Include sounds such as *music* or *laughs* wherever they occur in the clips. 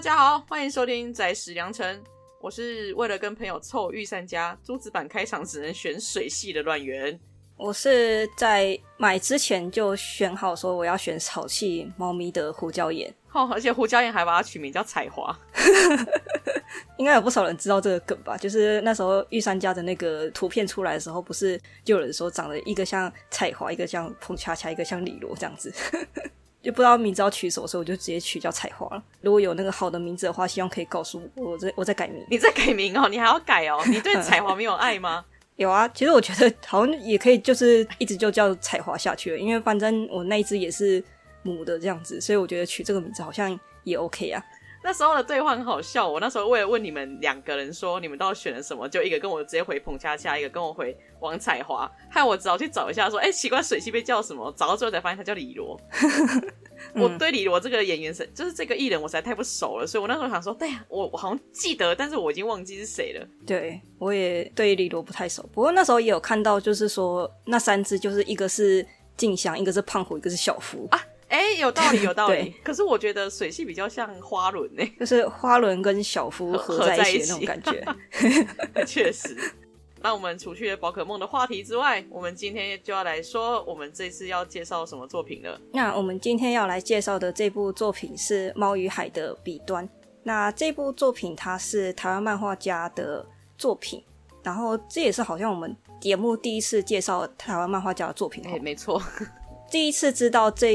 大家好，歡迎收聽仔史良辰。我是為了跟朋友湊御三家珠子版開場，只能選水系的亂源。我是在買之前就選好，說我要選草系貓咪的胡椒鹽。哦，而且胡椒鹽還把它取名叫彩樺， *laughs* 應該有不少人知道這個梗吧？就是那時候御三家的那個圖片出來的時候，不是就有人說長得一個像彩樺，一個像澎恰恰，一個像李羅這樣子。 *laughs* 就不知道名字要取什麼，所以我就直接取叫彩華了。如果有那個好的名字的話，希望可以告訴我，我再我再改名。你再改名哦？你還要改哦？你對彩華沒有愛嗎？ *laughs* *laughs* 有啊，其實我覺得好像也可以，就是一直就叫彩華下去了，因為反正我那一隻也是母的這樣子，所以我覺得取這個名字好像也 OK 啊。那時候的對話很好笑，我那時候為了問你們兩個人說，你們到底選了什麼，就一個跟我直接回彭恰恰，一個跟我回王彩華，害我只好去找一下說，說、欸、哎奇怪水系被叫什麼？找到最後才發現他叫李羅。 *laughs* 嗯、我對李羅這個演員是就是這個藝人我實在太不熟了，所以我那時候想說，對呀，我我好像記得，但是我已經忘記是誰了。對，我也對李羅不太熟，不過那時候也有看到，就是說那三隻就是一個是靜香，一個是胖虎，一個是小夫。啊。哎、欸，有道理，對有道理。對可是我覺得水系比較像花輪呢、欸，就是花輪跟小夫合在一起， *laughs* 在一起那種感覺。確 *laughs* 實。那我們除去了寶可夢的話題之外，我們今天就要來說我們這次要介紹什麼作品了。那我們今天要來介紹的這部作品是《貓與海的彼端》。那這部作品它是台灣漫畫家的作品，然後這也是好像我們節目第一次介紹台灣漫畫家的作品。哦、嗯，沒錯。第一次知道這。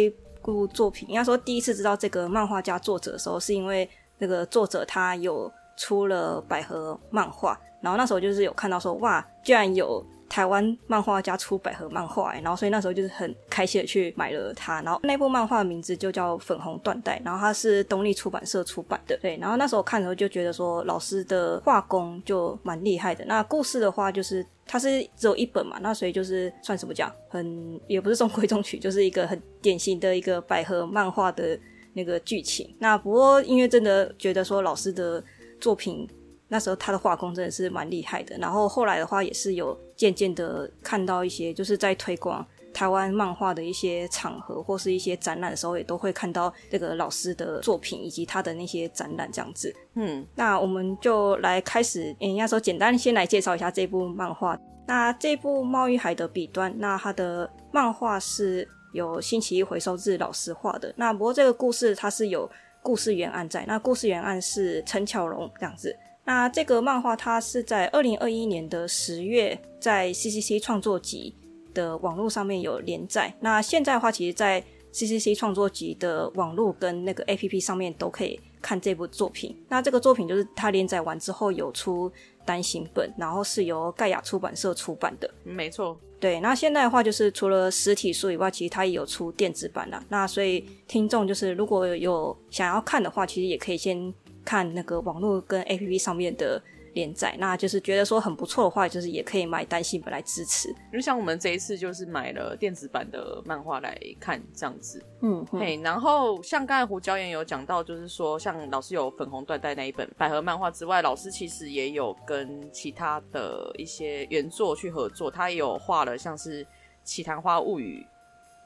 故作品，應該說第一次知道這個漫畫家作者的時候，是因為那個作者他有出了百合漫畫，然後那時候就是有看到說，哇，居然有。台灣漫畫家出百合漫畫，欸，然後所以那時候就是很開心的去買了它，然後那部漫畫的名字就叫《粉紅緞帶》，然後它是東立出版社出版的，對，然後那時候看的時候就覺得說老師的畫工就蠻厲害的，那故事的話就是它是只有一本嘛，那所以就是算什麼叫，很，也不是中規中矩，就是一個很典型的一個百合漫畫的那個劇情，那不過因為真的覺得說老師的作品。那時候他的畫工真的是蠻厲害的，然後後來的話也是有漸漸的看到一些，就是在推廣台灣漫畫的一些場合或是一些展覽的時候，也都會看到這個老師的作品以及他的那些展覽這樣子。嗯，那我們就來開始，嗯、欸，那時候簡單先來介紹一下這一部漫畫。那這部《貓與海》的彼端，那他的漫畫是由星期一回收日老師畫的。那不過這個故事它是有故事原案在，那故事原案是陳巧蓉這樣子。那這個漫畫它是在二零二一年的十月在 CCC 創作集的網絡上面有連載。那現在的話，其實，在 CCC 創作集的網絡跟那個 APP 上面都可以看這部作品。那這個作品就是它連載完之後有出單行本，然後是由蓋亞出版社出版的。沒錯，對。那現在的話，就是除了實體書以外，其實它也有出電子版啦。那所以聽眾就是如果有想要看的話，其實也可以先看那個網絡跟 APP 上面的連載，那就是覺得說很不錯的話，就是也可以買單行本來支持。就像我們這一次就是買了電子版的漫畫來看這樣子，嗯，嘿、嗯。Hey, 然後像剛才胡椒鹽有講到，就是說像老師有粉紅緞帶那一本百合漫畫之外，老師其實也有跟其他的一些原作去合作，他也有畫了像是《綺譚花物語》。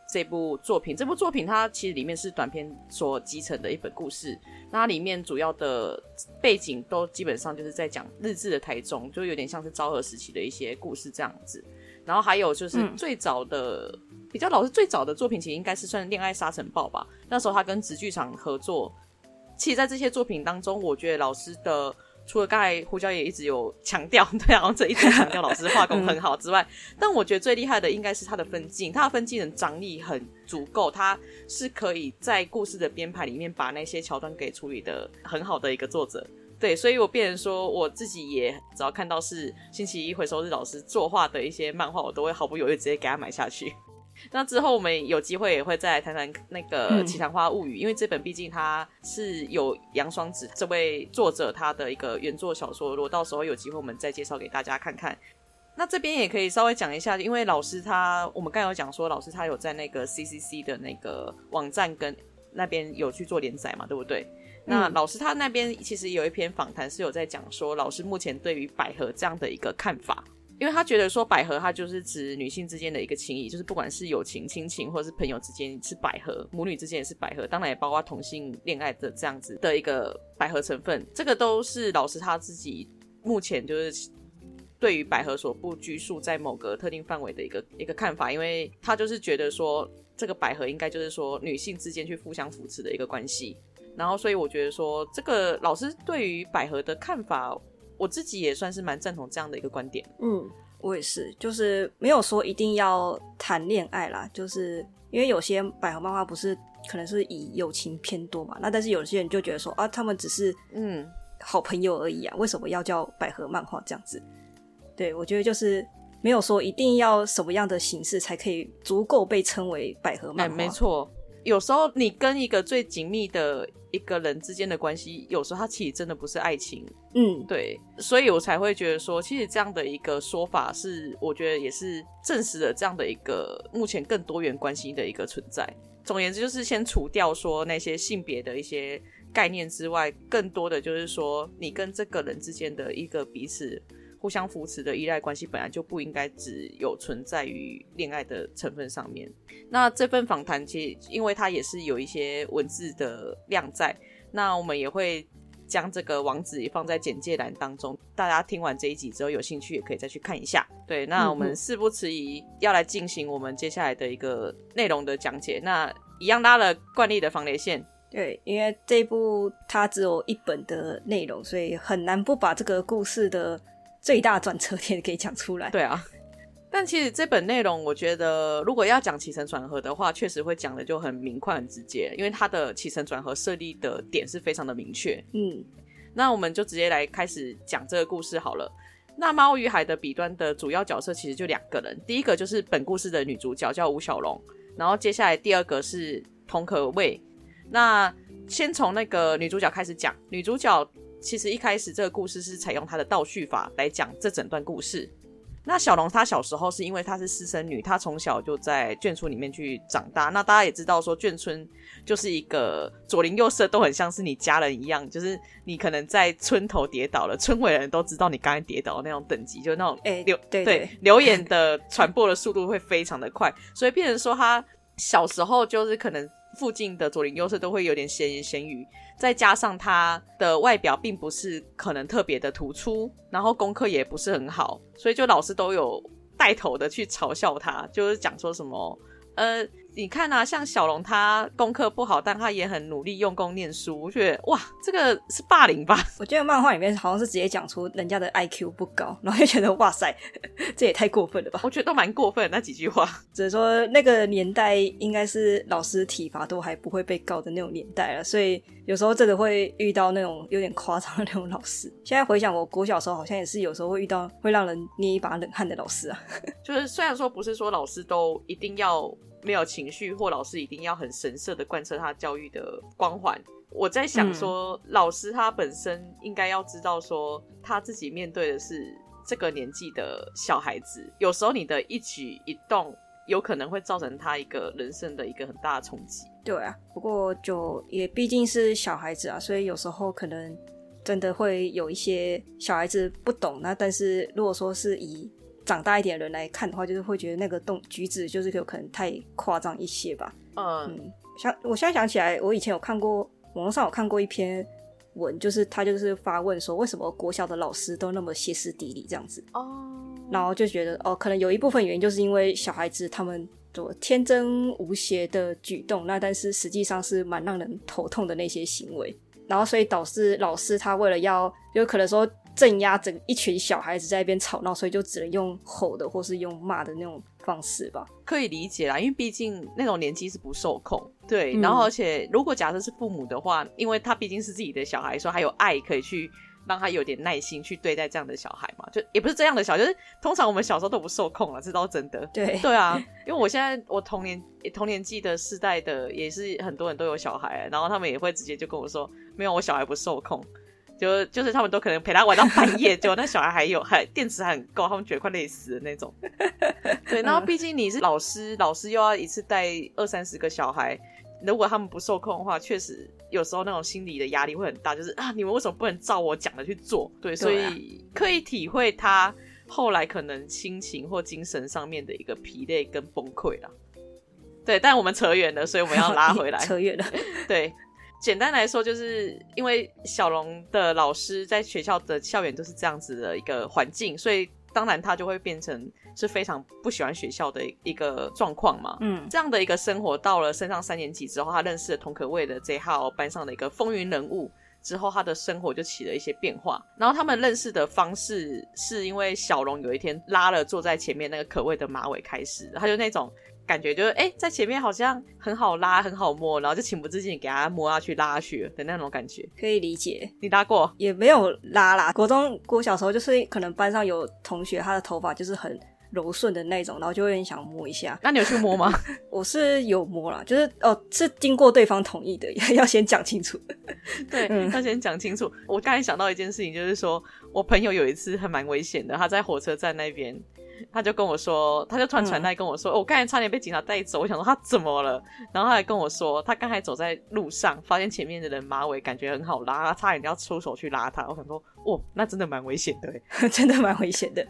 這部作品，這部作品它其實裡面是短篇所集成的一本故事，那它裡面主要的背景都基本上就是在講日治的台中，就有點像是昭和時期的一些故事這樣子。然後還有就是最早的、嗯、比較老師最早的作品，其實應該是算《戀愛沙塵暴》吧。那時候他跟植劇場合作，其實，在這些作品當中，我覺得老師的。除了剛才胡椒也一直有強調，對啊，然後這一直強調老師畫工很好之外， *laughs* 嗯，但我覺得最厲害的應該是他的分鏡，他的分鏡的張力很足夠，他是可以在故事的編排裡面把那些橋段給處理的很好的一個作者，對，所以我變成說我自己也只要看到是星期一回收日老師作畫的一些漫畫，我都會毫不猶豫直接給他買下去。那之後我們有機會也會再來談談那個《綺譚花物語》嗯，因為這本畢竟它是有楊雙子這位作者他的一個原作小說。如果到時候有機會，我們再介紹給大家看看。那這邊也可以稍微講一下，因為老師他我們剛剛有講說，老師他有在那個 CCC 的那個網站跟那邊有去做連載嘛，對不對？嗯、那老師他那邊其實有一篇訪談是有在講說，老師目前對於百合這樣的一個看法。因為他覺得說百合，它就是指女性之間的一個情誼，就是不管是友情、親情，或是朋友之間是百合，母女之間也是百合，當然也包括同性戀愛的這樣子的一個百合成分。這個都是老師他自己目前就是對於百合所不拘束在某個特定範圍的一個一個看法，因為他就是覺得說這個百合應該就是說女性之間去互相扶持的一個關係。然後，所以我覺得說這個老師對於百合的看法。我自己也算是蠻贊同這樣的一個觀點。嗯，我也是，就是沒有說一定要談戀愛啦，就是因為有些百合漫畫不是可能是以友情偏多嘛。那但是有些人就覺得說啊，他們只是嗯好朋友而已啊，為什麼要叫百合漫畫這樣子？對，我覺得就是沒有說一定要什麼樣的形式才可以足夠被稱為百合漫畫。哎，沒錯。有時候你跟一個最緊密的一個人之間的關係，有時候他其實真的不是愛情。嗯，對，所以我才會覺得說，其實這樣的一個說法是，我覺得也是證實了這樣的一個目前更多元關係的一個存在。總而言之，就是先除掉說那些性別的一些概念之外，更多的就是說你跟這個人之間的一個彼此。互相扶持的依賴關係本來就不應該只有存在於戀愛的成分上面。那這份訪談其實，因為它也是有一些文字的量在，那我們也會將這個網址也放在簡介欄當中。大家聽完這一集之後，有興趣也可以再去看一下。對，那我們事不遲疑，要來進行我們接下來的一個內容的講解。那一樣拉了慣例的防雷線。對，因為這一部它只有一本的內容，所以很難不把這個故事的。最大的轉折點可以講出來。對啊，但其實這本內容，我覺得如果要講起承轉合的話，確實會講得就很明快、很直接，因為它的起承轉合設立的點是非常的明確。嗯，那我們就直接來開始講這個故事好了。那《貓與海的彼端》的主要角色其實就兩個人，第一個就是本故事的女主角叫吳小龍，然後接下來第二個是童可畏。那先從那個女主角開始講，女主角。其實一開始這個故事是採用他的倒敘法來講這整段故事。那小龍他小時候是因為他是私生女，他從小就在眷村裡面去長大。那大家也知道說眷村就是一個左鄰右舍都很像是你家人一樣，就是你可能在村頭跌倒了，村尾人都知道你剛才跌倒的那種等級，就那種流、欸、對對流言，的傳播的速度會非常的快，所以變成說他小時候就是可能。附近的左鄰右舍都會有點閒言閒語，再加上他的外表並不是可能特別的突出，然後功課也不是很好，所以就老師都有帶頭的去嘲笑他，就是講說什麼，呃。你看啊，像小龍他功課不好，但他也很努力用功念書。我覺得哇，這個是霸凌吧？我覺得漫畫裡面好像是直接講出人家的 IQ 不高，然後就覺得哇塞，這也太過分了吧？我覺得都蠻過分那幾句話。只是說那個年代應該是老師體罰都還不會被告的那種年代了，所以有時候真的會遇到那種有點誇張的那種老師。現在回想我，我國小時候好像也是有時候會遇到會讓人捏一把冷汗的老師啊。就是雖然說不是說老師都一定要。沒有情緒，或老師一定要很神聖地貫徹他教育的光環。我在想說，嗯、老師他本身應該要知道說，他自己面對的是這個年紀的小孩子，有時候你的一舉一動，有可能會造成他一個人生的一個很大的衝擊。對啊，不過就也畢竟是小孩子啊，所以有時候可能真的會有一些小孩子不懂。那但是如果說是以長大一點的人來看的話，就是會覺得那個動舉止就是有可能太誇張一些吧。Uh. 嗯，像我現在想起來，我以前有看過網絡上有看過一篇文，就是他就是發問說為什麼國小的老師都那麼歇斯底裡這樣子。哦，uh. 然後就覺得哦，可能有一部分原因就是因為小孩子他們做天真無邪的舉動，那但是實際上是蠻讓人頭痛的那些行為，然後所以導致老師他為了要就可能說。鎮壓整一群小孩子在一邊吵鬧，所以就只能用吼的或是用罵的那種方式吧。可以理解啦，因為畢竟那種年紀是不受控，對。嗯、然後，而且如果假設是父母的話，因為他畢竟是自己的小孩，說還有愛可以去讓他有點耐心去對待這樣的小孩嘛。就也不是這樣的小孩，就是通常我們小時候都不受控了，這倒真的。對，對啊，因為我現在我同年、同年紀的世代的也是很多人都有小孩，然後他們也會直接就跟我說，沒有我小孩不受控。就就是他們都可能陪他玩到半夜就，結果 *laughs* 那小孩還有還電池還很夠，他們覺得快累死了那種。 *laughs* 對，然後畢竟你是老師， *laughs* 老師又要一次帶二三十個小孩，如果他們不受控的話，確實有時候那種心理的壓力會很大，就是啊，你們為什麼不能照我講的去做？對，所以可以體會他後來可能心情或精神上面的一個疲累跟崩潰了。對，但我們扯遠了，所以我們要拉回來。 *laughs* 扯遠了， *laughs* 對。簡單來說，就是因為小龍的老師在學校的校園都是這樣子的一個環境，所以當然他就會變成是非常不喜歡學校的一個狀況嘛。嗯，這樣的一個生活到了升上三年級之後，他認識了同可畏的這號班上的一個風雲人物之後，他的生活就起了一些變化。然後他們認識的方式是因為小龍有一天拉了坐在前面那個可畏的馬尾開始，他就那種。感覺就是哎、欸，在前面好像很好拉，很好摸，然後就情不自禁給他摸下去、拉下去的那種感覺，可以理解。你拉過也沒有拉啦。國中、國小時候就是可能班上有同學，他的頭髮就是很柔順的那種，然後就會很想摸一下。那你有去摸嗎？ *laughs* 我是有摸啦，就是哦，是經過對方同意的，要先講清楚。 *laughs* 對，要先講清楚。嗯、我剛才想到一件事情，就是說我朋友有一次還蠻危險的，他在火車站那邊。他就跟我說，他就傳傳帶跟我說，嗯哦、我剛才差點被警察帶走。我想說他怎麼了？然後他還跟我說，他剛才走在路上，發現前面的人馬尾感覺很好拉，差點就要出手去拉他。我想說，哦，那真的蠻危險的、的、的，真的蠻危險的。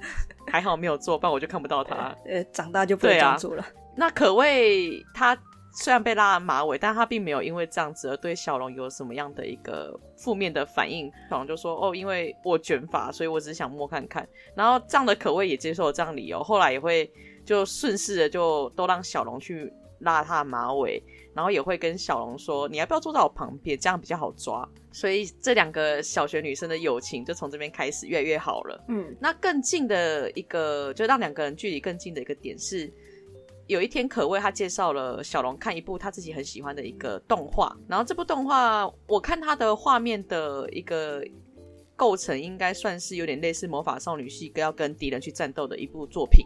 還好沒有做，不然我就看不到他。呃、呃，長大就不清楚了對、啊。那可謂他。雖然被拉了馬尾，但他並沒有因為這樣子而對小龍有什麼樣的一個負面的反應。小龍就說：“哦，因為我捲髮，所以我只是想摸看看。”然後這樣的可謂也接受了這樣的理由，後來也會就順勢的就都讓小龍去拉他的馬尾，然後也會跟小龍說：“你要不要坐在我旁邊？這樣比較好抓。”所以這兩個小學女生的友情就從這邊開始越來越好了。嗯，那更近的一個，就讓兩個人距離更近的一個點是，有一天，可為他介紹了小龍看一部他自己很喜歡的一個動畫。然後這部動畫，我看它的畫面的一個構成，應該算是有點類似魔法少女系，跟要跟敵人去戰鬥的一部作品。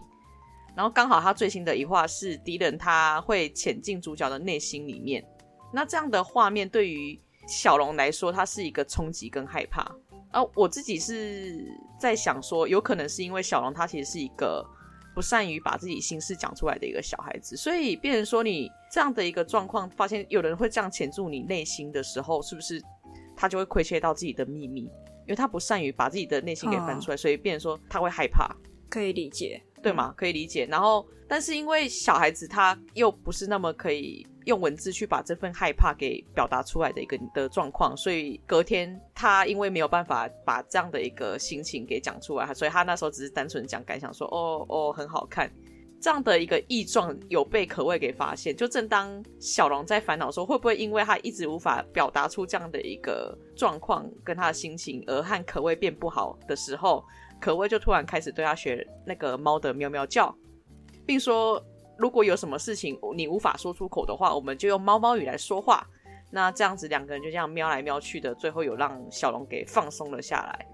然後剛好他最新的一話是敵人，他會潛進主角的內心裡面。那這樣的畫面對於小龍來說，他是一個衝擊跟害怕啊。我自己是在想說，有可能是因為小龍他其實是一個。不善於把自己心事講出來的一個小孩子，所以變成說你這樣的一個狀況，發現有人會這樣潛入你內心的時候，是不是他就會虧欠到自己的秘密？因為他不善於把自己的內心給翻出來，所以變成說他會害怕，可以理解，對嗎？可以理解。嗯、然後，但是因為小孩子他又不是那麼可以。用文字去把這份害怕給表達出來的一個的狀況，所以隔天他因為沒有辦法把這樣的一個心情給講出來，所以他那時候只是單純講感想說，說哦哦很好看。這樣的一個異狀有被可畏給發現。就正當小龍在煩惱說會不會因為他一直無法表達出這樣的一個狀況跟他的心情，而和可畏變不好的時候，可畏就突然開始對他學那個貓的喵喵叫，並說。如果有什麼事情你無法說出口的話，我們就用貓貓語來說話。那這樣子兩個人就這樣喵來喵去的，最後有讓小龍給放鬆了下來，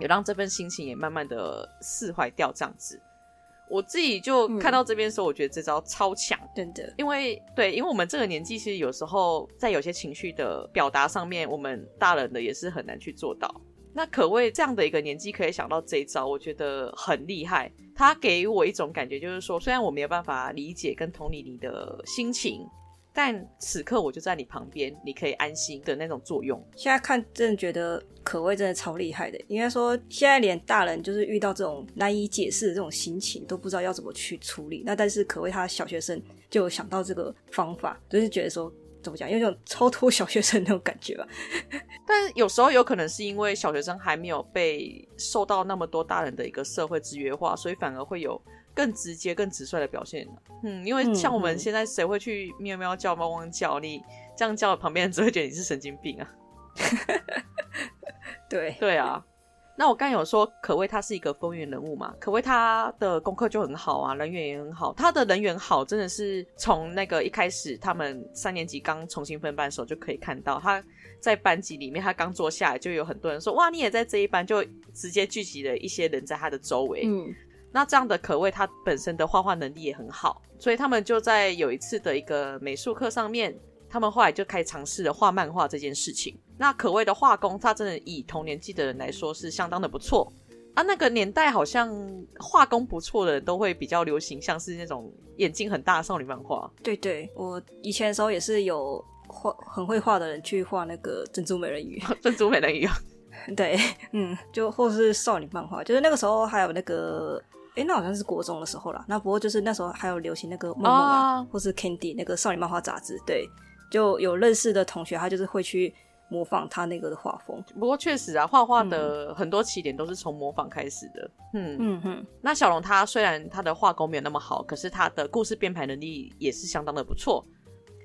有讓這份心情也慢慢的釋懷掉。這樣子，我自己就看到這邊的時候，我覺得這招超強。對、嗯、真的，因為對，因為我們這個年紀，其實有時候在有些情緒的表達上面，我們大人的也是很難去做到。那可謂這樣的一個年紀可以想到這一招，我覺得很厲害。他給我一種感覺，就是說雖然我沒有辦法理解跟同理你的心情，但此刻我就在你旁邊，你可以安心的那種作用。現在看，真的覺得可謂真的超厲害的。應該說，現在連大人就是遇到這種難以解釋的這種心情，都不知道要怎麼去處理。那但是可謂他小學生就想到這個方法，就是覺得說。怎麼講？有種超脫小學生的那種感覺吧。但有時候有可能是因為小學生還沒有被受到那麼多大人的一個社會制約化，所以反而會有更直接、更直率的表現。嗯，因為像我們現在，誰會去喵喵叫、汪汪叫？你這樣叫，旁邊人只會覺得你是神經病啊。 *laughs* 對，對啊。那我剛有說，可畏他是一個風雲人物嘛。可畏他的功課就很好啊，人緣也很好。他的人緣好，真的是從那個一開始，他們三年級剛重新分班的時候就可以看到，他在班級裡面，他剛坐下來，就有很多人說，哇，你也在這一班，就直接聚集了一些人在他的周圍。嗯，那這樣的可畏，他本身的畫畫能力也很好，所以他們就在有一次的一個美術課上面。他們後來就開始嘗試了畫漫畫這件事情。那可謂的畫工，他真的以同年紀的人來說是相當的不錯啊。那個年代好像畫工不錯的人都會比較流行，像是那種眼睛很大的少女漫畫。對對，我以前的時候也是有畫很會畫的人去畫那個珍珠美人魚，啊、珍珠美人魚啊。 *laughs* 對，嗯，就或是少女漫畫，就是那個時候還有那個，哎、欸，那好像是國中的時候啦。那不過就是那時候還有流行那個夢夢啊，或是 Candy 那個少女漫畫雜誌，對。就有認識的同學，他就是會去模仿他那個的畫風。不過確實啊，畫畫的很多起點都是從模仿開始的。嗯嗯嗯，嗯那小龍他雖然他的畫功沒有那麼好，可是他的故事編排能力也是相當的不錯。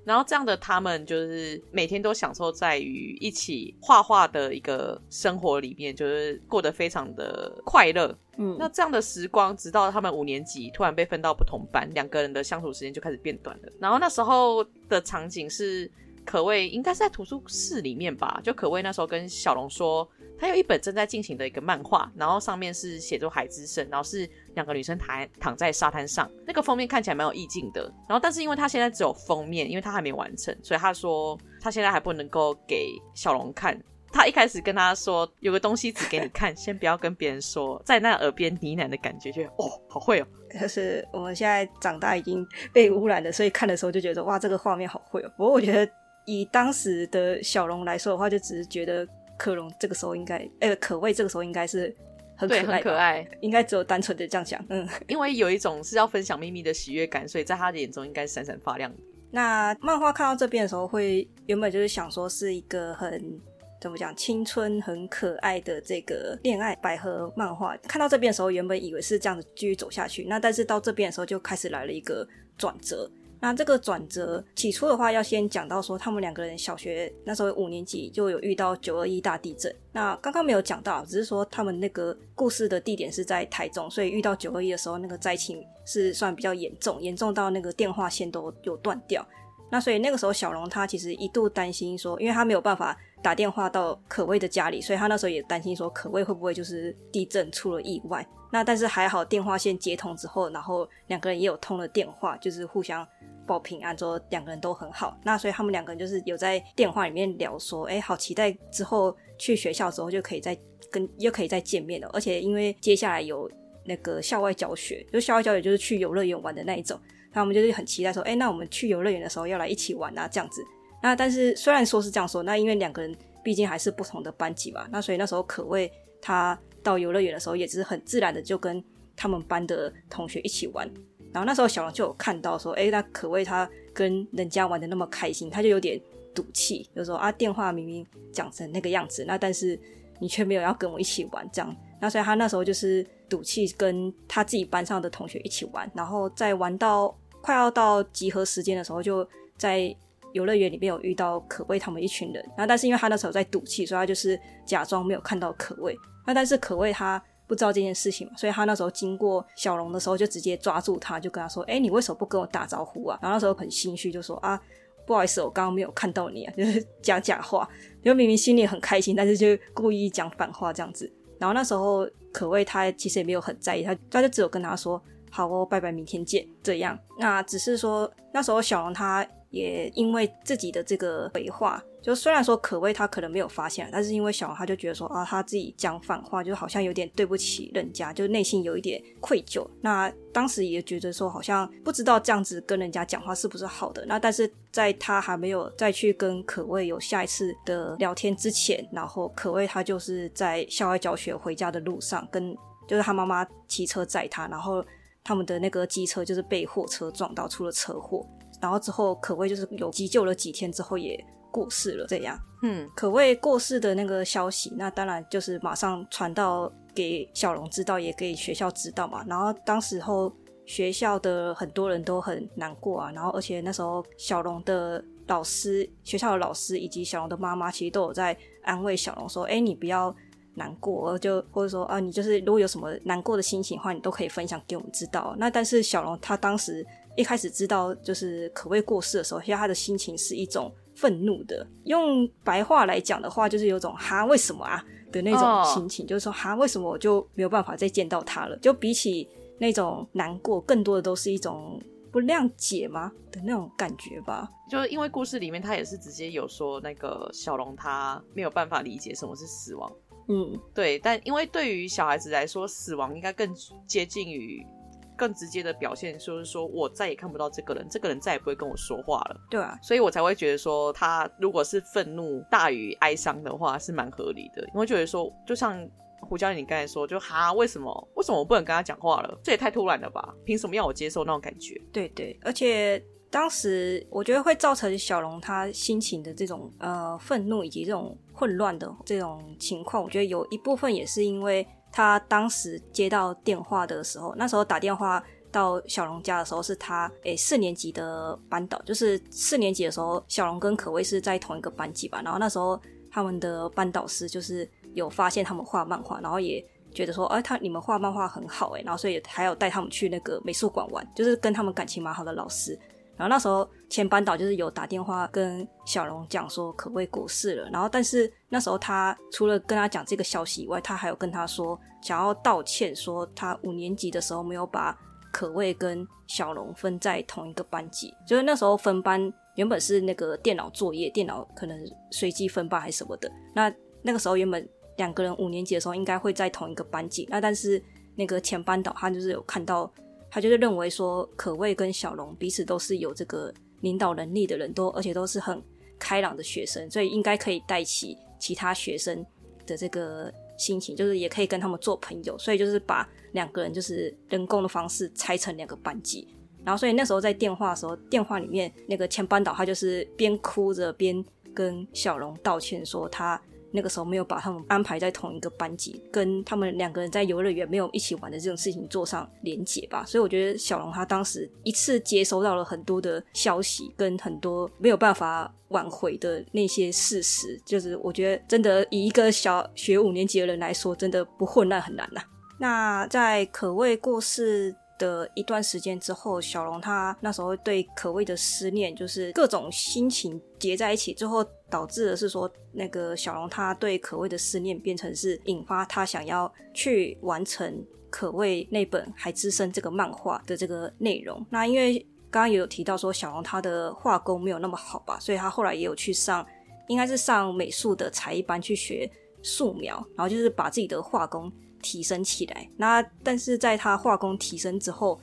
然後這樣的他們就是每天都享受在於一起畫畫的一個生活裡面，就是過得非常的快樂。嗯，那這樣的時光，直到他們五年級突然被分到不同班，兩個人的相處時間就開始變短了。然後那時候的場景是可謂應該是在圖書室裡面吧，就可謂那時候跟小龍說。他有一本正在進行的一個漫畫，然後上面是寫著海之聲，然後是兩個女生躺躺在沙灘上，那個封面看起來蠻有意境的。然後，但是因為他現在只有封面，因為他還沒完成，所以他說他現在還不能夠給小龍看。他一開始跟他說有個東西只給你看， *laughs* 先不要跟別人說，在那耳邊呢喃的感覺，覺得哦，好會哦。就是我們現在長大已經被污染了，所以看的時候就覺得哇，這個畫面好會哦。不過我覺得以當時的小龍來說的話，就只是覺得。克隆這個時候應該，呃、欸，可畏這個時候應該是很可愛。對，很可愛，應該只有單純的這樣想，嗯，因為有一種是要分享秘密的喜悅感，所以在他的眼中應該是閃閃發亮。那漫畫看到這邊的時候，會原本就是想說是一個很怎麼講青春很可愛的這個戀愛百合漫畫，看到這邊的時候，原本以為是這樣子繼續走下去，那但是到這邊的時候就開始來了一個轉折。那這個轉折，起初的話要先講到說，他們兩個人小學那時候五年級就有遇到九二一大地震。那剛剛沒有講到，只是說他們那個故事的地點是在台中，所以遇到九二一的時候，那個災情是算比較嚴重，嚴重到那個電話線都有斷掉。那所以那個時候小龍他其實一度擔心說，因為他沒有辦法打電話到可畏的家裡，所以他那時候也擔心說，可畏會不會就是地震出了意外。那但是還好，電話線接通之後，然後兩個人也有通了電話，就是互相報平安，說兩個人都很好。那所以他們兩個人就是有在電話裡面聊說，說誒好期待之後去學校之後就可以再跟又可以再見面了。而且因為接下來有那個校外教學，就校外教學就是去遊樂園玩的那一種，他們就是很期待說，誒，那我們去遊樂園的時候要來一起玩啊這樣子。那但是雖然說是這樣說，那因為兩個人畢竟還是不同的班級嘛，那所以那時候可謂他。到遊樂園的時候，也是很自然的就跟他們班的同學一起玩。然後那時候小龍就有看到說，哎、欸，那可謂他跟人家玩得那麼開心，他就有點賭氣，就說啊，電話明明講成那個樣子，那但是你卻沒有要跟我一起玩這樣。那所以他那時候就是賭氣跟他自己班上的同學一起玩，然後在玩到快要到集合時間的時候，就在。遊樂園裡面有遇到可畏他們一群人，然後但是因為他那時候在賭氣，所以他就是假裝沒有看到可畏。那但是可畏他不知道這件事情嘛，所以他那時候經過小龍的時候就直接抓住他，就跟他說：“哎、欸，你為什麼不跟我打招呼啊？”然後那時候很心虛，就說：“啊，不好意思，我剛剛沒有看到你啊，就是講假話。”因為明明心裡很開心，但是就故意講反話這樣子。然後那時候可畏他其實也沒有很在意，他他就只有跟他說：“好哦，拜拜，明天見。”這樣。那只是說那時候小龍他。也因為自己的這個回話，就雖然說可畏他可能沒有發現，但是因為小王他就覺得說啊，他自己講反話，就好像有點對不起人家，就內心有一點愧疚。那當時也覺得說，好像不知道這樣子跟人家講話是不是好的。那但是在他還沒有再去跟可畏有下一次的聊天之前，然後可畏他就是在校外教學回家的路上，跟就是他媽媽騎車載他，然後他們的那個機車就是被貨車撞到，出了車禍。然後之後，可謂就是有急救了幾天之後也過世了，這樣。嗯，可謂過世的那個消息，那當然就是馬上傳到給小龍知道，也給學校知道嘛。然後當時候學校的很多人都很難過啊。然後而且那時候小龍的老師、學校的老師以及小龍的媽媽，其實都有在安慰小龍說：“哎，你不要難過，就或者說啊，你就是如果有什麼難過的心情的話，你都可以分享給我們知道啊。”那但是小龍他當時。一開始知道就是可謂過世的時候，其實他的心情是一種憤怒的。用白話來講的話，就是有種“哈，為什麼啊”的那種心情，哦、就是說“哈，為什麼我就沒有辦法再見到他了？”就比起那種難過，更多的都是一種不諒解嗎的那種感覺吧。就是因為故事裡面他也是直接有說那個小龍他沒有辦法理解什麼是死亡。嗯，對，但因為對於小孩子來說，死亡應該更接近於。更直接的表現就是說，我再也看不到這個人，這個人再也不會跟我說話了。對啊，所以我才會覺得說，他如果是憤怒大於哀傷的話，是蠻合理的。因為覺得說，就像胡椒，你剛才說，就哈，為什麼為什麼我不能跟他講話了，這也太突然了吧？憑什麼要我接受那種感覺？對，對對，而且當時我覺得會造成小龍他心情的這種呃憤怒以及這種混亂的這種情況，我覺得有一部分也是因為。他當時接到電話的時候，那時候打電話到小龍家的時候，是他誒、欸、四年級的班導，就是四年級的時候，小龍跟可威是在同一個班級吧。然後那時候他們的班導師就是有發現他們畫漫畫，然後也覺得說，哎、哦，他你們畫漫畫很好，欸，誒然後所以還有帶他們去那個美術館玩，就是跟他們感情蠻好的老師。然後那時候前班導就是有打電話跟小龍講說可畏過世了，然後但是那時候他除了跟他講這個消息以外，他還有跟他說想要道歉，說他五年級的時候沒有把可畏跟小龍分在同一個班級，就是那時候分班原本是那個電腦作業，電腦可能隨機分班還是什麼的，那那個時候原本兩個人五年級的時候應該會在同一個班級，那但是那個前班導他就是有看到。他就是認為說，可謂跟小龍彼此都是有這個領導能力的人，都而且都是很開朗的學生，所以應該可以帶起其他學生的這個心情，就是也可以跟他們做朋友。所以就是把兩個人就是人工的方式拆成兩個班級，然後所以那時候在電話的時候，電話裡面那個前班導他就是邊哭着邊跟小龍道歉說他。那個時候沒有把他們安排在同一個班級，跟他們兩個人在遊樂園沒有一起玩的這種事情做上連結吧，所以我覺得小龍他當時一次接收到了很多的消息，跟很多沒有辦法挽回的那些事實，就是我覺得真的以一個小學五年級的人來說，真的不混亂很難啊。那在可謂過世的一段時間之後，小龍他那時候對可畏的思念，就是各種心情結在一起之，最後導致的是說，那個小龍他對可畏的思念變成是引發他想要去完成可畏那本還資深這個漫畫的這個內容。那因為剛剛也有提到說，小龍他的畫工沒有那麼好吧，所以他後來也有去上，應該是上美術的才藝班去學素描，然後就是把自己的畫工提升起來，那但是在他畫工提升之後，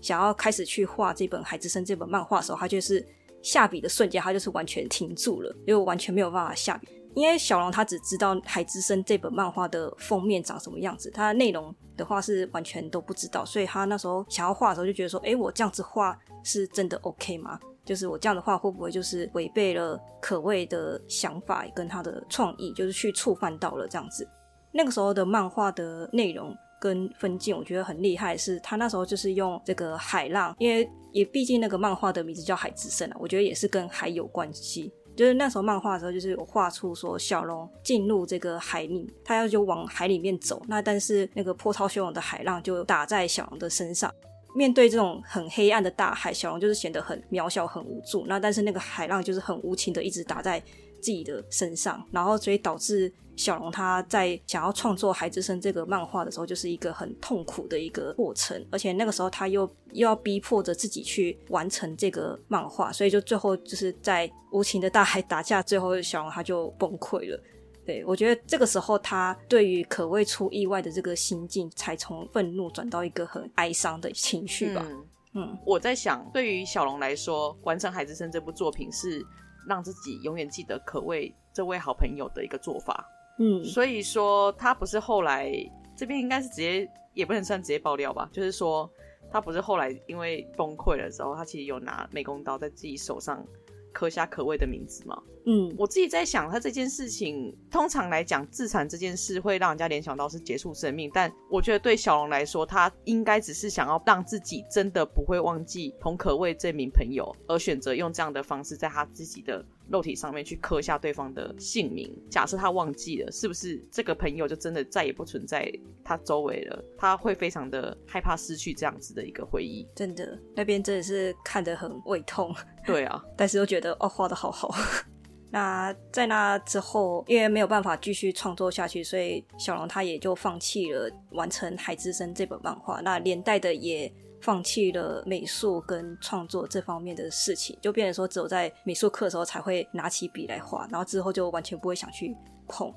想要開始去畫這本《海之聲》這本漫畫的時候，他就是下筆的瞬間，他就是完全停住了，因為完全沒有辦法下筆。因為小龍他只知道《海之聲》這本漫畫的封面長什麼樣子，它的內容的話是完全都不知道，所以他那時候想要畫的時候，就覺得說：“誒、欸，我這樣子畫是真的 OK 嗎？就是我這樣子畫會不會就是違背了可畏的想法跟他的創意，就是去觸犯到了這樣子。”那個時候的漫畫的內容跟分鏡，我覺得很厲害。是他那時候就是用這個海浪，因為也畢竟那個漫畫的名字叫《海之神》啊，我覺得也是跟海有關係。就是那時候漫畫的時候，就是有畫出說小龍進入這個海裡，他要就往海裡面走。那但是那個波濤洶湧的海浪就打在小龍的身上。面對這種很黑暗的大海，小龍就是顯得很渺小、很無助。那但是那個海浪就是很無情的一直打在。自己的身上，然後所以導致小龍他在想要創作《海之聲》這個漫畫的時候，就是一個很痛苦的一個過程，而且那個時候他又又要逼迫着自己去完成這個漫畫，所以就最後就是在無情的大海打架，最後小龍他就崩潰了。對，我覺得這個時候他對於可謂出意外的這個心境，才從憤怒轉到一個很哀傷的情緒吧。嗯，嗯，我在想，對於小龍來說，完成《海之聲》這部作品是。讓自己永遠記得可謂這位好朋友的一個做法，嗯，所以說他不是後來這邊應該是直接，也不能算直接爆料吧，就是說他不是後來因為崩潰的時候，他其實有拿美工刀在自己手上。可笑可畏的名字嘛，嗯，我自己在想他這件事情，通常來講自殘這件事會讓人家聯想到是結束生命，但我覺得對小龍來說，他應該只是想要讓自己真的不會忘記佟可畏這名朋友，而選擇用這樣的方式在他自己的。肉體上面去刻下對方的姓名，假設他忘記了，是不是這個朋友就真的再也不存在他周圍了？他會非常的害怕失去這樣子的一個回憶。真的，那邊真的是看得很胃痛。對啊，但是又覺得哦，畫的好好。 *laughs* 那在那之後，因為沒有辦法繼續創作下去，所以小龍他也就放棄了完成《海之聲》這本漫畫。那連帶的也。放棄了美術跟創作這方面的事情，就變成說只有在美術課的時候才會拿起筆來畫，然後之後就完全不會想去碰。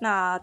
那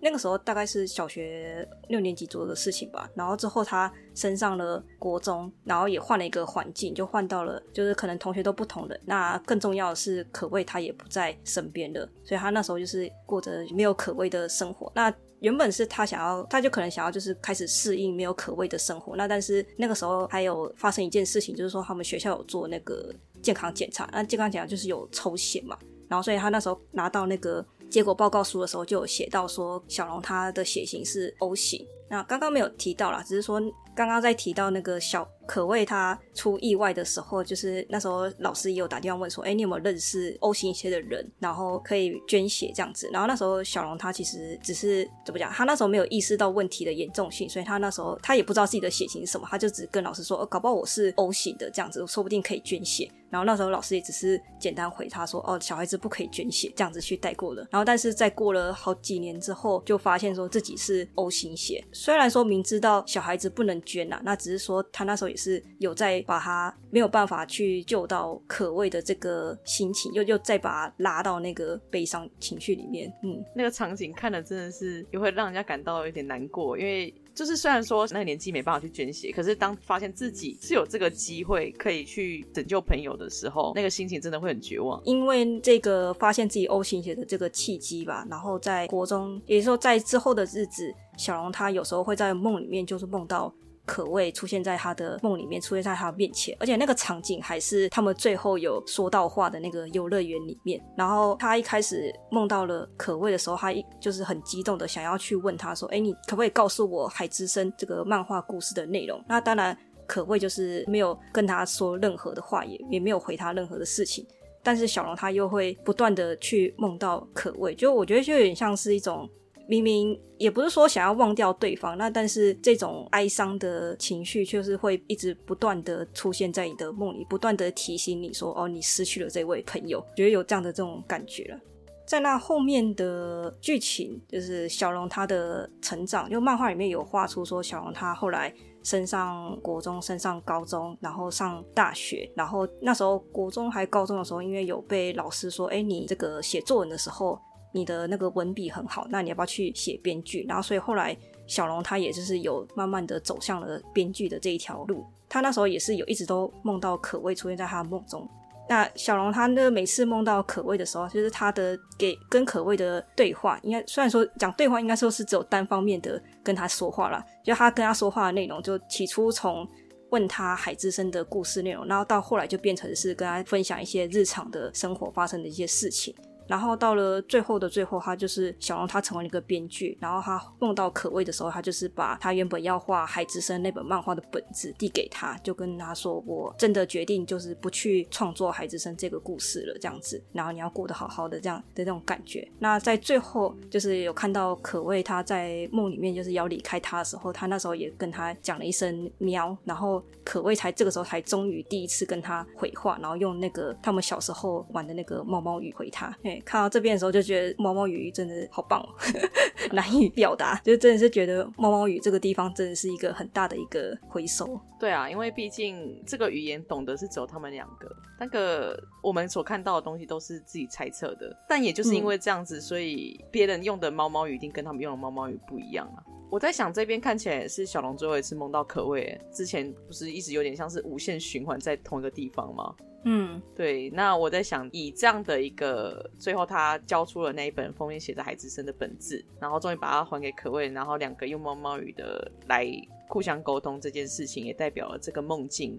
那個時候大概是小學六年級左右的事情吧。然後之後他升上了國中，然後也換了一個環境，就換到了就是可能同學都不同的。那更重要的是可畏他也不在身邊了，所以他那時候就是過着沒有可畏的生活。那原本是他想要，他就可能想要，就是開始適應沒有可畏的生活。那但是那個時候還有發生一件事情，就是說他們學校有做那個健康檢查，那健康檢查就是有抽血嘛。然後所以他那時候拿到那個結果報告書的時候，就有寫到說小龍他的血型是 O 型。那剛剛沒有提到啦，只是說剛剛在提到那個小。可謂他出意外的時候，就是那時候老師也有打電話問說：“哎、欸，你有沒有認識 O 型血的人，然後可以捐血這樣子？”然後那時候小龍他其實只是怎麼講，他那時候沒有意識到問題的嚴重性，所以他那時候他也不知道自己的血型是什麼，他就只跟老師說：“哦，搞不好我是 O 型的這樣子，我說不定可以捐血。”然後那時候老師也只是簡單回他說：“哦，小孩子不可以捐血”這樣子去帶過了。然後但是在過了好幾年之後，就發現說自己是 O 型血，雖然說明知道小孩子不能捐吶、啊，那只是說他那時候也。是有在把他沒有辦法去救到可畏的這個心情，又又再把他拉到那個悲傷情緒裡面。嗯，那個場景看了真的是也會讓人家感到有點難過，因為就是雖然說那個年紀沒辦法去捐血，可是當發現自己是有這個機會可以去拯救朋友的時候，那個心情真的會很絕望。因為這個發現自己 O 型血的這個契機吧，然後在國中，也就是說在之後的日子，小龍他有時候會在夢裡面就是夢到，可畏出現在他的夢裡面，出現在他的面前，而且那個場景還是他們最後有說到話的那個遊樂園裡面。然後他一開始夢到了可畏的時候，他一就是很激動的想要去問他說：“哎、欸，你可不可以告訴我海之聲這個漫畫故事的內容？”那當然，可畏就是沒有跟他說任何的話也，也也沒有回他任何的事情。但是小龍他又會不斷的去夢到可畏，就我覺得就有點像是一種。明明也不是說想要忘掉對方，那但是這種哀傷的情緒卻是會一直不斷的出現在你的夢裡，不斷的提醒你說，哦，你失去了這位朋友，覺得有這樣的這種感覺了。在那後面的劇情，就是小蓉他的成長，就漫畫裡面有畫出說，小蓉他後來升上國中，升上高中，然後上大學，然後那時候國中還高中的時候，因為有被老師說，哎、欸，你這個寫作文的時候。你的那個文筆很好，那你要不要去寫編劇？然後，所以後來小龍他也就是有慢慢的走向了編劇的這一條路。他那時候也是有一直都夢到可畏出現在他的夢中。那小龍他那個每次夢到可畏的時候，就是他的給跟可畏的對話，應該雖然說講對話，應該說是只有單方面的跟他說話啦。就他跟他說話的內容，就起初從問他海之聲的故事內容，然後到後來就變成是跟他分享一些日常的生活發生的一些事情。然後到了最後的最後，他就是小龍，他成為了一個編劇。然後他夢到可畏的時候，他就是把他原本要畫海之生那本漫畫的本子遞給他，就跟他說：“我真的決定就是不去創作海之生這個故事了，這樣子。然後你要過得好好的，這樣的那種感覺。”那在最後，就是有看到可畏他在夢裡面就是要離開他的時候，他那時候也跟他講了一聲喵，然後可畏才這個時候才終於第一次跟他回話，然後用那個他們小時候玩的那個貓貓語回他。看到這邊的時候，就覺得貓貓語真的好棒，喔， *laughs* 難以表達，就真的是覺得貓貓語這個地方真的是一個很大的一個回收，哦。對啊，因為畢竟這個語言懂得是只有他們兩個，那個我們所看到的東西都是自己猜測的，但也就是因為這樣子，嗯、所以別人用的貓貓語一定跟他們用的貓貓語不一樣啊。我在想這邊看起來是小龍最後一次夢到可謂之前，不是一直有點像是無限循環在同一個地方嗎？嗯，對，那我在想，以這樣的一個最後，他交出了那一本封面寫着“孩子生的本質”，然後終於把它還給可謂，然後兩個用貓貓語的來互相溝通這件事情，也代表了這個夢境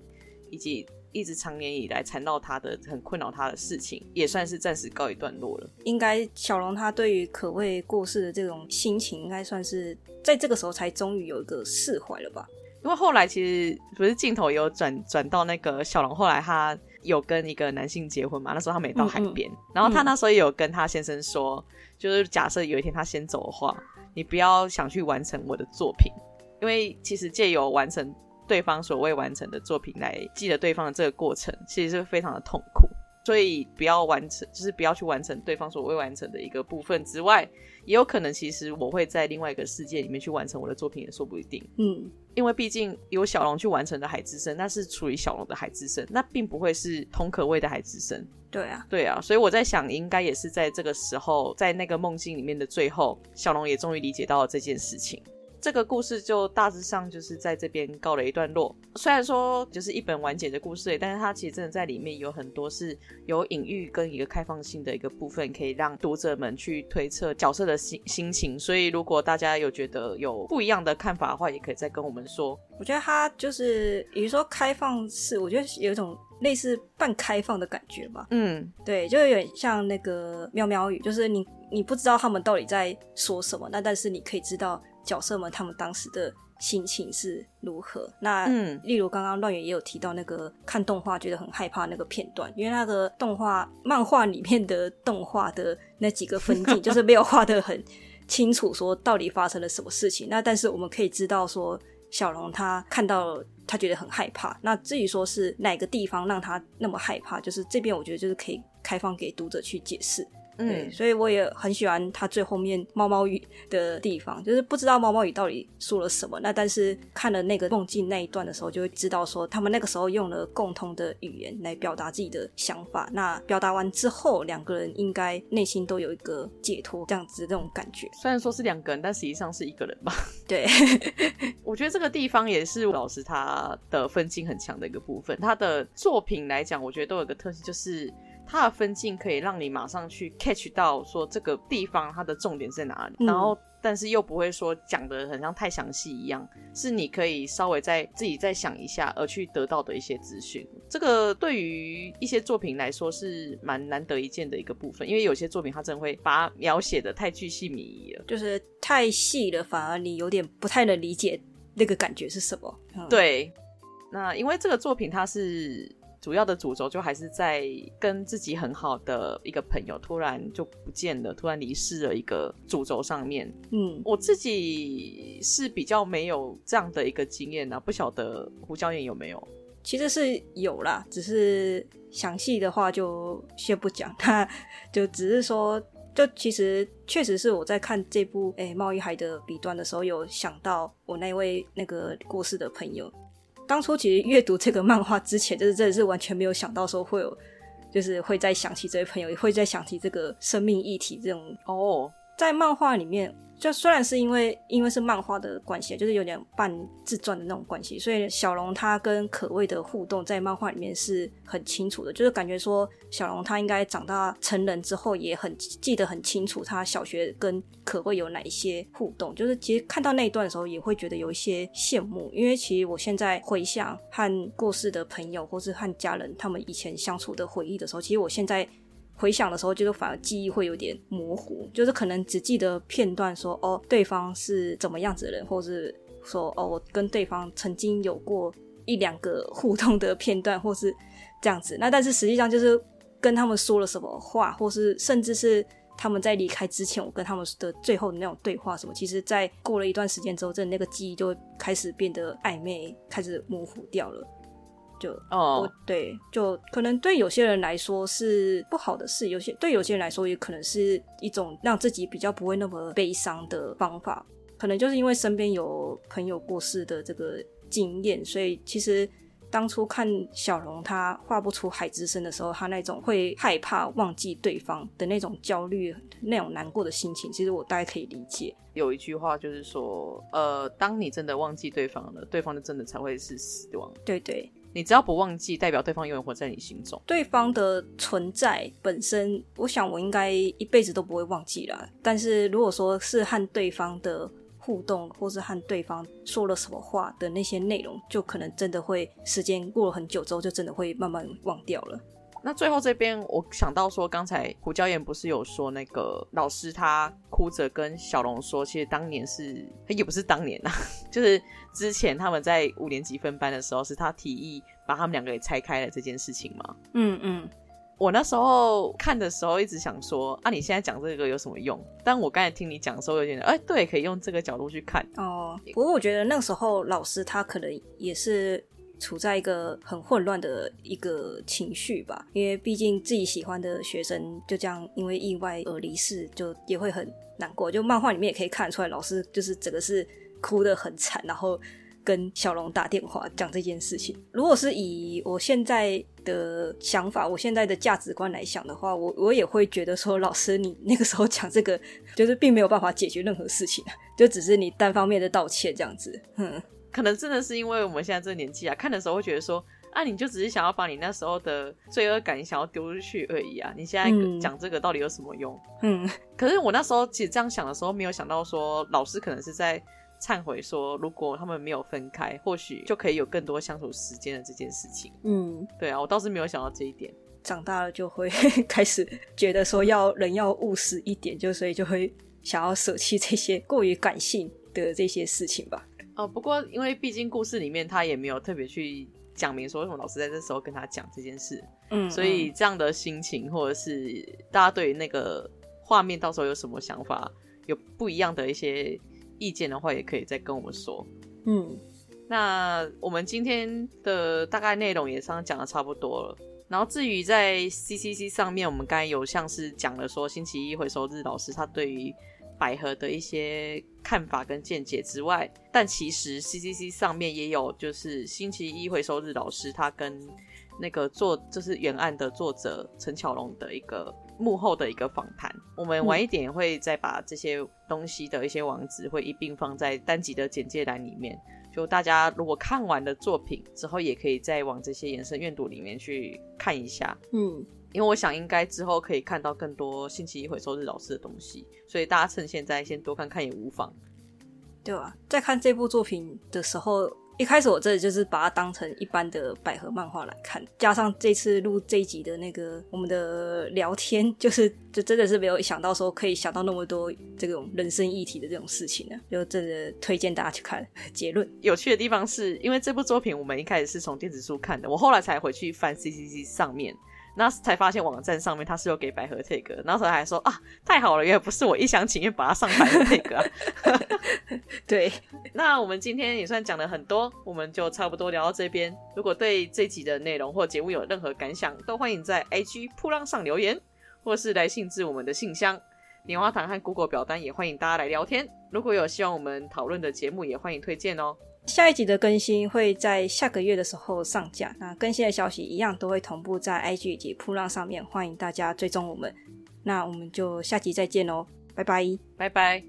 以及一直長年以來纏繞他的、很困擾他的事情，也算是暫時告一段落了。應該小龍他對於可謂過世的這種心情，應該算是在這個時候才終於有一個釋懷了吧？因為後來其實不是鏡頭也有轉轉到那個小龍，後來他有跟一個男性結婚嘛？那時候他沒到海邊，嗯嗯、然後他那時候也有跟他先生說，就是假設有一天他先走的話，你不要想去完成我的作品，因為其實借由完成對方所未完成的作品來記得對方的這個過程，其實是非常的痛苦。所以不要完成，就是不要去完成對方所未完成的一個部分之外，也有可能其實我會在另外一個世界裡面去完成我的作品，也說不一定。嗯，因為畢竟由小龍去完成的海之聲，那是屬於小龍的海之聲，那並不會是同口味的海之聲。對啊，對啊，所以我在想，應該也是在這個時候，在那個夢境裡面的最後，小龍也終於理解到了這件事情。這個故事就大致上就是在這邊告了一段落。雖然說就是一本完結的故事，但是它其實真的在裡面有很多是有隱喻跟一個開放性的一個部分，可以讓讀者們去推測角色的心心情。所以，如果大家有覺得有不一樣的看法的話，也可以再跟我們說。我覺得它就是，比如說開放式，我覺得有一種類似半開放的感覺吧。嗯，對，就有點像那個喵喵語，就是你你不知道他們到底在說什麼，那但是你可以知道，角色們他們當時的心情是如何？那嗯，例如剛剛亂野也有提到那個看動畫覺得很害怕的那個片段，因為那個動畫漫畫裡面的動畫的那幾個分鏡，就是沒有畫得很清楚，說到底發生了什麼事情。 *laughs* 那但是我們可以知道說，小龍他看到他覺得很害怕。那至於說是哪個地方讓他那麼害怕，就是這邊我覺得就是可以開放給讀者去解釋。嗯，所以我也很喜歡他最後面貓貓語的地方，就是不知道貓貓語到底說了什麼。那但是看了那個夢境那一段的時候，就會知道說他們那個時候用了共同的語言來表達自己的想法。那表達完之後，兩個人應該內心都有一個解脫，這樣子這種感覺。雖然說是兩個人，但實際上是一個人吧。 *laughs* 對， *laughs* 我覺得這個地方也是老師他的分鏡很強的一個部分。他的作品來講，我覺得都有一個特性，就是。它的分鏡可以讓你馬上去 catch 到說這個地方它的重點在哪裡，然後但是又不會說講得很像太詳細一樣，是你可以稍微再自己再想一下而去得到的一些資訊。這個對於一些作品來說是蠻難得一見的一個部分，因為有些作品它真的會把它描寫得太巨細靡遺了，就是太細了，反而你有點不太能理解那個感覺是什麼。嗯、對，那因為這個作品它是。主要的主軸就還是在跟自己很好的一個朋友突然就不見了，突然離世了一個主軸上面。嗯，我自己是比較沒有這樣的一個經驗呢、啊，不曉得胡椒鹽有沒有？其實是有啦，只是詳細的話就先不講，就只是說，就其實確實是我在看這部《誒、欸、貓與海的彼端》的時候，有想到我那位那個過世的朋友。當初其實閱讀這個漫畫之前，就是真的是完全沒有想到說會有，就是會再想起這位朋友，也會再想起這個生命議題這種哦，oh. 在漫畫裡面。就雖然是因為因為是漫畫的關係，就是有點半自傳的那種關係，所以小龍他跟可畏的互動在漫畫裡面是很清楚的，就是感覺說小龍他應該長大成人之後也很記得很清楚，他小學跟可畏有哪一些互動，就是其實看到那一段的時候也會覺得有一些羨慕，因為其實我現在回想和過世的朋友或是和家人他們以前相處的回憶的時候，其實我現在。回想的時候，就是反而記憶會有點模糊，就是可能只記得片段說，說哦對方是怎麼樣子的人，或是說哦我跟對方曾經有過一兩個互動的片段，或是這樣子。那但是實際上就是跟他們說了什麼話，或是甚至是他們在離開之前，我跟他們的最後的那種對話什麼，其實在過了一段時間之後，真的那個記憶就會開始變得曖昧，開始模糊掉了。就哦，oh. 對，就可能對有些人來說是不好的事，有些對有些人來說也可能是一種讓自己比較不會那麼悲傷的方法。可能就是因為身邊有朋友過世的這個經驗，所以其實當初看小蓉他畫不出海之聲的時候，他那種會害怕忘記對方的那種焦慮、那種難過的心情，其實我大概可以理解。有一句話就是說，呃，當你真的忘記對方了，對方就真的才會是死亡。對對。你只要不忘記，代表對方永遠活在你心中。對方的存在本身，我想我應該一輩子都不會忘記了。但是如果說是和對方的互動，或是和對方說了什麼話的那些內容，就可能真的會時間過了很久之後，就真的會慢慢忘掉了。那最後這邊，我想到說，剛才胡椒鹽不是有說那個老師他哭着跟小龍說，其實當年是，也不是當年吶、啊，就是之前他們在五年級分班的時候，是他提議把他們兩個給拆開了這件事情嗎？嗯嗯，嗯，我那時候看的時候一直想說，啊，你現在講這個有什麼用？但我剛才聽你講的時候就覺得，有點，哎，對，可以用這個角度去看。哦，不過我覺得那時候老師他可能也是。處在一個很混亂的一個情緒吧，因為畢竟自己喜歡的學生就這樣因為意外而離世，就也會很難過。就漫畫裡面也可以看出來，老師就是整個是哭得很慘，然後跟小龍打電話講這件事情。如果是以我現在的想法，我現在的價值觀來想的話，我我也會覺得說，老師你那個時候講這個，就是並沒有辦法解決任何事情，就只是你單方面的道歉這樣子，哼、嗯。可能真的是因為我們現在這個年紀啊，看的時候會覺得說，啊，你就只是想要把你那時候的罪惡感想要丟出去而已啊。你現在講、嗯、這個到底有什麼用？嗯，可是我那時候其實這樣想的時候，沒有想到說老師可能是在懺悔說，如果他們沒有分開，或許就可以有更多相處時間的這件事情。嗯，對啊，我倒是沒有想到這一點。長大了就會開始覺得說要人要務實一點，就所以就會想要舍棄這些過於感性的這些事情吧。哦、嗯，不過因為畢竟故事裡面他也沒有特別去講明說為什麼老師在這時候跟他講這件事，嗯，所以這樣的心情或者是大家對於那個畫面到時候有什麼想法，有不一樣的一些意見的話，也可以再跟我們說。嗯，那我們今天的大概內容也上講的差不多了。然後至於在 C C C 上面，我們剛才有像是講了說星期一回收日老師他對於。百合的一些看法跟見解之外，但其實 CCC 上面也有，就是星期一回收日老師他跟那個作，就是原案的作者陳巧蓉的一個幕後的一個訪談。我們晚一點會再把這些東西的一些網址會一併放在單集的簡介欄裡面，就大家如果看完的作品之後，也可以再往這些延伸閱讀裡面去看一下。嗯。因為我想應該之後可以看到更多星期一回收日老師的東西，所以大家趁現在先多看看也無妨。對啊，在看這部作品的時候，一開始我真的就是把它當成一般的百合漫畫來看，加上這次錄這一集的那個我們的聊天，就是就真的是沒有想到說可以想到那麼多這種人生議題的這種事情呢、啊，就真的推薦大家去看，結論。有趣的地方是因為這部作品我們一開始是從電子書看的，我後來才回去翻 CCC 上面。那時才發現網站上面它是有給百合 tag，然後他還說，啊，太好了，也不是我一廂情願把它上百合 tag 啊。 *laughs* *laughs* 對， *laughs* 那我們今天也算講了很多，我們就差不多聊到這邊。如果對這集的內容或節目有任何感想，都歡迎在 IG 噗浪上留言，或是來信致我們的信箱棉花糖和 Google 表單，也歡迎大家來聊天。如果有希望我們討論的節目，也歡迎推薦哦。下一集的更新會在下個月的時候上架，那更新的消息一樣都會同步在 IG 以及噗浪上面，歡迎大家追蹤我們。那我們就下集再見哦，拜拜，拜拜。